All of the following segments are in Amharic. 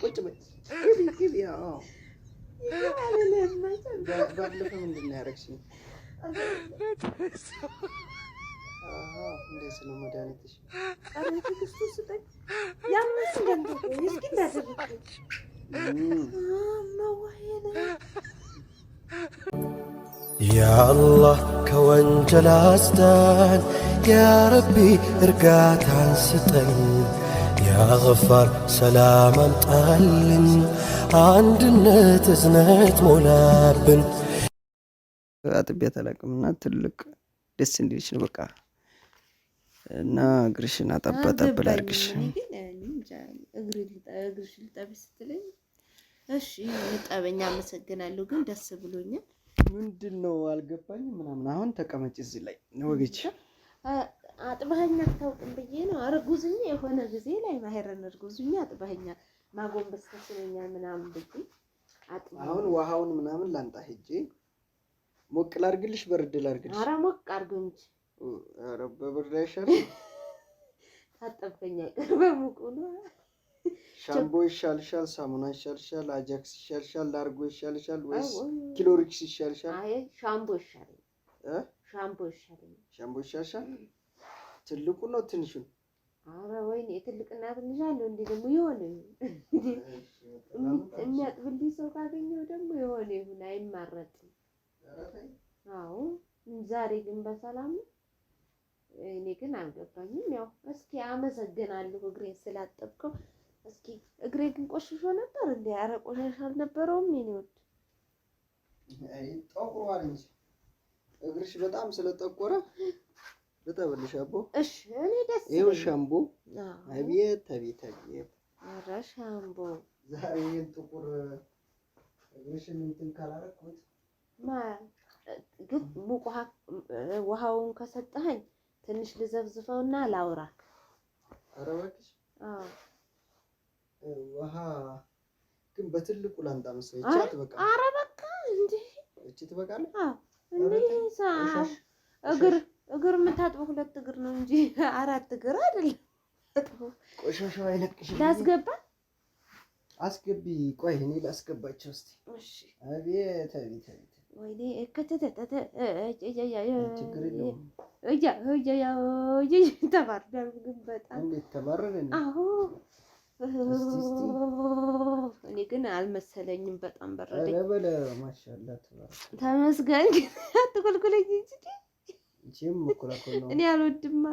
ቁጭ በይ ግቢ። ባለፈው ምንድን ነው ያደረግሽኝ? እንዴት ነው መድኃኒትሽ? ያአላህ ከወንጀል አስዳን፣ ያረቢ እርጋታን ስጠን ያ ሰላም አምጣልን፣ አንድነት እዝነት ሞላብን። አጥቤ አላቅምና ትልቅ ደስ እንዲልሽ ነው በቃ እና እግርሽን አጠበጠብ ላድርግሽ። እግርሽ ልጠብ ስትለኝ እሺ ልጠበኛ፣ አመሰግናለሁ ግን ደስ ብሎኛል። ምንድን ነው አልገባኝ ምናምን። አሁን ተቀመጭ እዚህ ላይ ወገች አጥባኸኝ አታውቅም ብዬ ነው። እርጉዝኛ የሆነ ጊዜ ላይ ማሄረን እርጉዝኛ አጥባኸኛ ማጎንበስ ተስኖኛል ምናምን ብዬ አሁን ውሃውን ምናምን ላንጣ ሄጄ ሞቅ ላርግልሽ፣ በርድ ላርግልሽ። ኧረ ሞቅ አርገው እንጂ ኧረ በብርድ አይሻልም? ታጠብከኝ አይቀር በሙቁ ነው። ሻምቦ ይሻልሻል? ሳሙና ይሻልሻል? አጃክስ ይሻልሻል? ላርጎ ይሻልሻል ወይስ ኪሎሪክስ ይሻልሻል? አይ ሻምቦ ይሻለኛል። ሻምቦ ይሻለኛል። ሻምቦ ይሻልሻል? ትልቁ ነው ትንሹ ነው? አረ ወይኔ ትልቅና ትንሽ አለው እንዴ! ደግሞ የሆነ የሚያጥብልኝ ሰው ካገኘው ደግሞ የሆነ ይሁን አይማረጥም። አዎ ዛሬ ግን በሰላም እኔ ግን አልገባኝም። ያው እስኪ አመሰግናለሁ እግሬን ስላጠብከው። እስኪ እግሬ ግን ቆሽሾ ነበር እንዴ? አረ ቆሻሻ አልነበረውም። ይኔውድ ጠቁሯል እንጂ እግርሽ በጣም ስለጠቆረ ልጠብልሽ አቦ። እሺ እኔ ደስ ይኸው ሻምቦ። አቤት አቤት አቤት! ኧረ ሻምቦ ዛሬ ጥቁር እግርሽን እንትን ካላረኩት ግን ሙቅ ውሃውን ከሰጠኸኝ ትንሽ ልዘብዝፈውና ላውራ። ኧረ እባክሽ ውሃ ግን በትልቁ መሰለኝ። ኧረ በቃ እንዴ! ትበቃለች። እግር እግር የምታጥበው ሁለት እግር ነው እንጂ አራት እግር አይደለም። ቆሻሻ አይለቅሽ ላስገባ አስገቢ። ቆይ እኔ ላስገባቸው እስቲ። እሺ። አቤት አቤት አቤት። ወይኔ ከተተተተ ተባርዳል። ግን በጣም እንዴት ተባረረ! አዎ እኔ ግን አልመሰለኝም። በጣም በረደኝ። ተመስገን ግን አትቆልቁለኝ እንጂ እኔ አልወድማ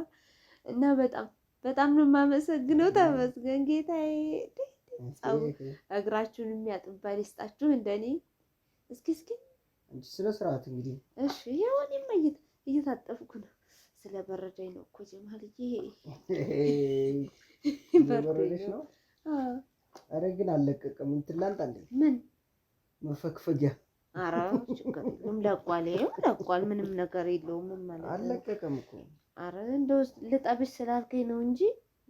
እና በጣም በጣም ነው የማመሰግነው። ተመስገን ጌታዬ። እግራችሁን የሚያጥባል ይስጣችሁ። እንደኔ እስኪ እስኪ ስለ ስርዓት እንግዲህ እሺ፣ እየታጠብኩ ነው። ስለ ነው እኮ ጀማል። ይሄ ነው። አረ ግን አለቀቀም። እንትን ምን መፈግፈጊያ ኧረ ችግር የለውም ለቋል፣ ይኸው ለቋል። ምንም ነገር የለውም። ምን አለቀቀም እኮ ኧረ እንደው ልጠብሽ ስላልከኝ ነው እንጂ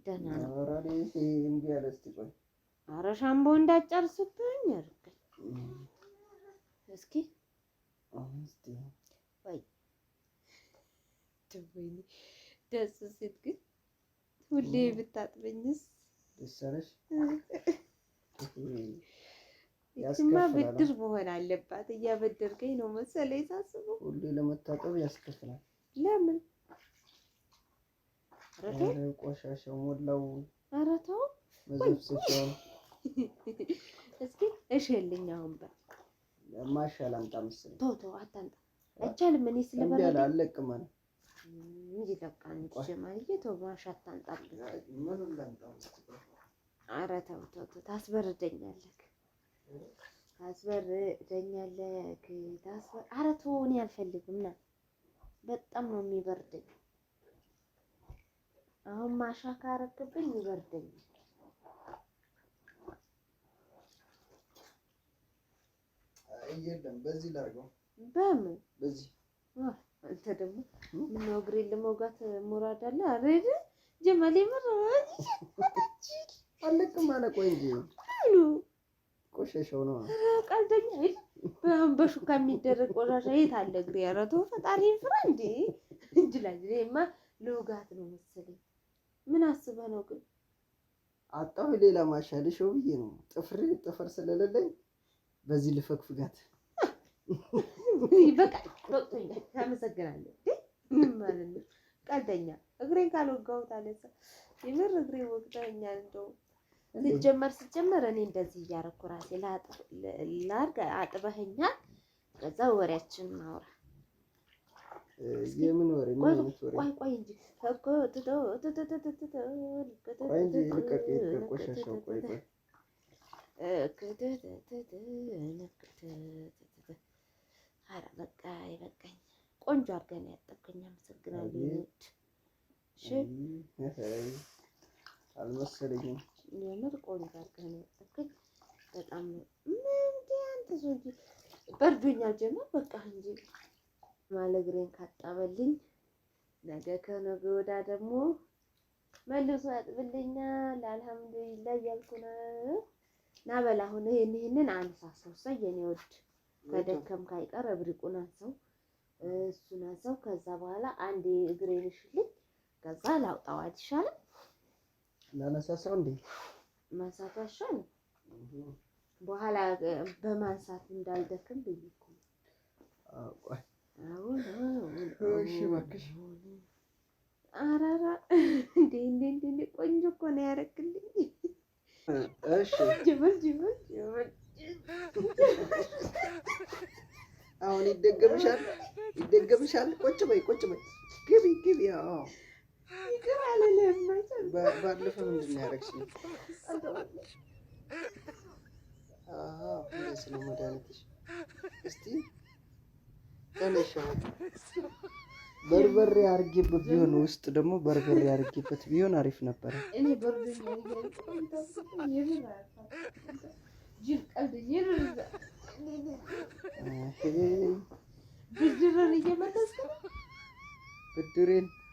ደህና ነው። ኧረ ሻምቦ እንዳጨርስብኝ አድርገኝ እስኪ ደስ ሲል ግን ሁሌ ብታጥበኝስ ደስ አለሽ እሱማ ብድር መሆን አለባት። እያበደርከኝ ነው መሰለኝ ሳስበው። ሁሌ ለመታጠብ ያስከፍላል። ለምን ቆሻሻ ሞላው። ኧረ ተው እስኪ እሸልኝ። አሁን በል ማሻል አምጣ መሰለኝ። ተው ተው አታምጣ፣ አይቻልም። እኔ ስለበረደ አለቅም አለ እንጂ በቃ እንጂ ቶ ማሻ አታምጣ። ኧረ ተው ቶቶ ታስበርደኛለህ አስበርደኛለህ። ኧረ ተው እኔ አልፈልግም ና በጣም ነው የሚበርደኝ። አሁን ማሻ ካረክብኝ ይበርደኝ። የለም በዚህ ላድርገው። በምን በዚህ አንተ ደግሞ ምነው እግሬን ለመውጋት ሙራድ አለ። አሬድ ጀመሌ ምር አለቅም አለ። ቆይ እንጂ እየቆሸሸው ነው። ቀልደኛ በሹካ የሚደረግ ቆሻሻ የት አለ? እግሬ ኧረ ተው ፈጣሪ ፍራ እንዴ! እጅላማ ልውጋት ነው መሰለኝ። ምን አስበ ነው ግን? አጣሁ ሌላ ማሻልሸው ብዬ ነው። ጥፍሬ ጥፍር ስለሌለኝ በዚህ ልፈግፍጋት። በቃ በቅቶኛል። አመሰግናለሁ። ምን ማለት ነው? ቀልደኛ እግሬን ካልወጋሁት አለ። የምር እግሬ ወቅተኸኛል እንደው ልጀመር ስጀመር እኔ እንደዚህ እያደረኩ ራሴ ላርግ አጥበህኛ። ከዛ ወሬያችን ማውራ የምን ወሬ? ቆይ ቆይ ቆንጆ አድርገን ያጠብከኝ። አመሰግናለሁ። እሺ አልመሰለኝም የምር ቆንጆ አድርገህ ነው ያጠብክል። በጣም ነው ምንዲ አንተ ሰውዬ በርዶኛል ጀመር በቃ እንጂ ማለግሬን ካጣበልኝ ነገ ከነገ ወዲያ ደግሞ መልሶ ያጥብልኛል። አልሐምዱሊላ እያልኩ ነው። ና በል አሁን ይሄን ይሄንን አንሳሳው ሰው የኔ ወድ ከደከም ካይቀር እብሪቁን አንሳው፣ እሱን አንሳው። ከዛ በኋላ አንድ እግሬን ሽልኝ፣ ከዛ ላውጣዋት ይሻላል። ላነሳሳው እንዴ ማንሳት አሻል በኋላ በማንሳት እንዳልደክም ብዬ እኮ አራራ እንዴ እንዴ እንዴ ቆንጆ እኮ ነው ያደረግልኝ። እሺ ጅብል ጅብል ጅብል አሁን ይደገምሻል፣ ይደገምሻል። ቁጭ በይ ቁጭ በይ ግቢ ግቢ። አዎ ባለፈው ምንድን ነው ያደረግሽኝ? ስለ መድኃኒትሽ እስቲ በርበሬ አድርጌበት ቢሆን ውስጥ ደግሞ በርበሬ አድርጌበት ቢሆን አሪፍ ነበረ። ብድሬን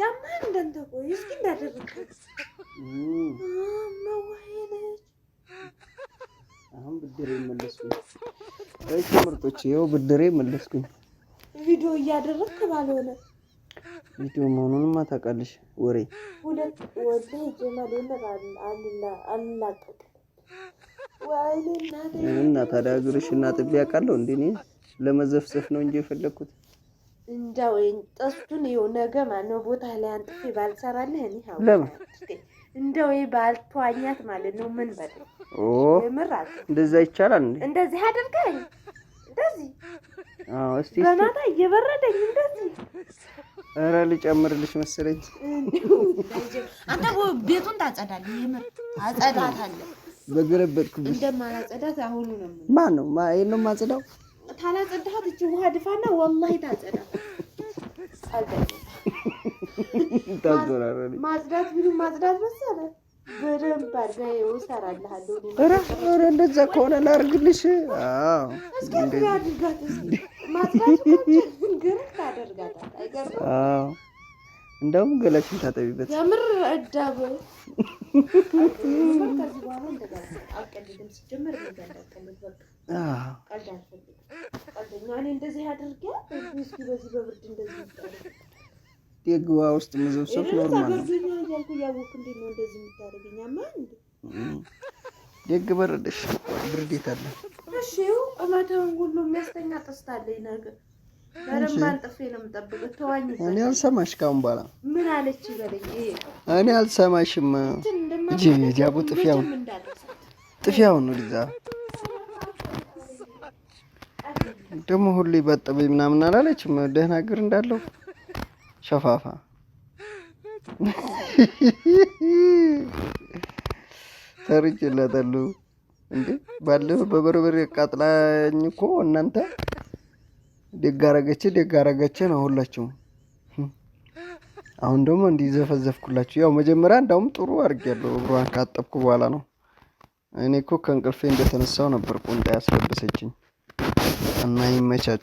ያማን እንደንተ ቆይ እስኪ አሁን ብድሬ መለስኩኝ። ወይ ምርጦች ይኸው ብድሬ መለስኩኝ። ቪዲዮ እያደረግክ ባልሆነ ቪዲዮ መሆኑንማ ታውቃለሽ። ወሬ ሁለት ወደ እና ታዲያ እግርሽ እና ጥቤ አውቃለሁ እንዴ? እኔ ለመዘፍዘፍ ነው እንጂ የፈለግኩት እንዳው ጠሱን ይኸው ነገ ማነው ቦታ ላይ አንጥፌ ባልሰራልህ እኔ ለምን እንደው ይሄ ባልተዋኛት ማለት ነው። ምን በል ምር እንደዛ ይቻላል እንዴ? እንደዚህ አድርገኝ እንደዚህ አዎ፣ እስቲ በማታ እየበረደኝ እንደዚህ ኧረ ልጨምርልሽ መሰለኝ። አንተ ቤቱን ታጸዳለህ፣ የምር አጸዳታለህ። በገረበጥኩብሽ እንደማላጸዳት አሁኑ ነው። ማን ነው ይሄን ነው የማጸዳው ታላጸዳሃት እች ውሃ ድፋና ወላሂ ታጸዳ ማጽዳት ቢሉ ማጽዳት መሰለ በደንብ እንደዛ ከሆነ ላድርግልሽ። እንደውም ታጠቢበት የምር እዳብ ከዚህ በኋላ ቀልድ አልፈልግም። ቀልደኛ እኔ እንደዚህ አድርጌ እስኪ በዚህ በብርድ እንደዚህ የግባ ውስጥ መዘብሰብ ኖርማል ነው። እያልኩ እንዴት ነው እንደዚህ ደግ በረደሽ ብርድ አለ? እሺ ቁመትህን ሁሉ የሚያስተኛ ጥስታለኝ ነገር ነው ተዋኝ። እኔ አልሰማሽ ካሁን በኋላ ምን አለች ይበለኝ። እኔ አልሰማሽም። ጃቦ ጥፊያውን ጥፊያውን ነው ደግሞ ሁሌ ባጠበኝ ምናምን አላለችም። ደህና እግር እንዳለው ሸፋፋ ተርጬላታለሁ። እንዴ ባለፈው በበርበሬ ቃጥላኝ እኮ እናንተ ደጋረገች ደጋረገች ነው ሁላችሁም። አሁን ደግሞ እንዲዘፈዘፍኩላችሁ ያው መጀመሪያ እንዳውም ጥሩ አድርጌያለሁ። እግሯን ካጠብኩ በኋላ ነው እኔ እኮ ከእንቅልፌ እንደተነሳው ነበር ቁንጣ ያስለበሰችኝ። online matches